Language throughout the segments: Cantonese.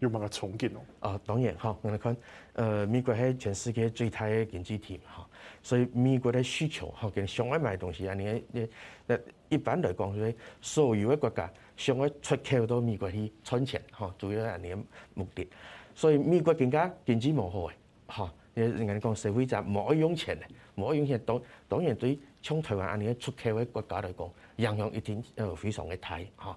要幫佢重建咯？啊，當然嚇，我哋講，誒、呃、美國喺全世界最大嘅經濟體，嚇，所以美國嘅需求嚇，向外買東西啊，你你一般嚟講，所所有嘅國家向外出口到美國去賺錢，嚇，主要係呢個目的。所以美國更加經濟無好嘅嚇，人哋講社會就冇得用錢嘅，冇得用錢。當當然對於台灣啊呢啲出口嘅國家嚟講，影響一定誒非常嘅大嚇。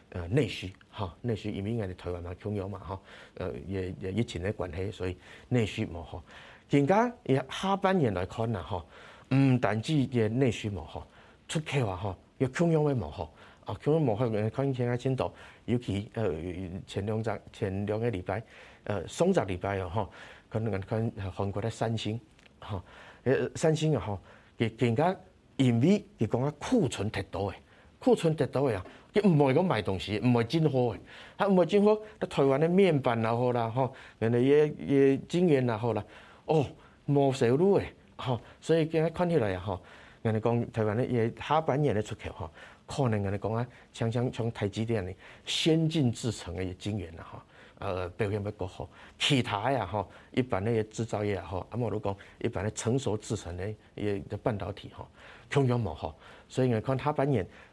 呃，內需哈內需因為我哋台灣嘛，窮遊嘛嚇，呃，也也疫情嘅關係，所以內需冇嚇。更加下半年來看啊哈唔但止嘅內需冇好，出口話哈要窮遊咪冇好，啊窮遊冇嚇，誒可以聽下先到。尤其呃前兩日前兩個禮拜呃，雙十禮拜啊哈可能誒韓國嘅三星哈誒三星啊嚇，佢更加因為佢講啊庫存太多誒，庫存太多啊。佢唔會講賣東西，唔會進貨，嘅，嚇唔係進貨。台灣的面板也好啦，嚇，人哋嘢嘢晶圓也好啦，哦，冇收入嘅，好，所以今日看起嚟啊，嚇，人哋講台灣咧，嘢下半年咧出口嚇，可能人哋講啊，像像像台積電咧，先進製程嘅晶圓啦，嚇、呃，誒表現比較好。其他呀，嚇，一般那些製造業也好，啊，我哋講一般的成熟製程咧，嘢嘅半導體嚇，仲要冇好。所以我看下半年。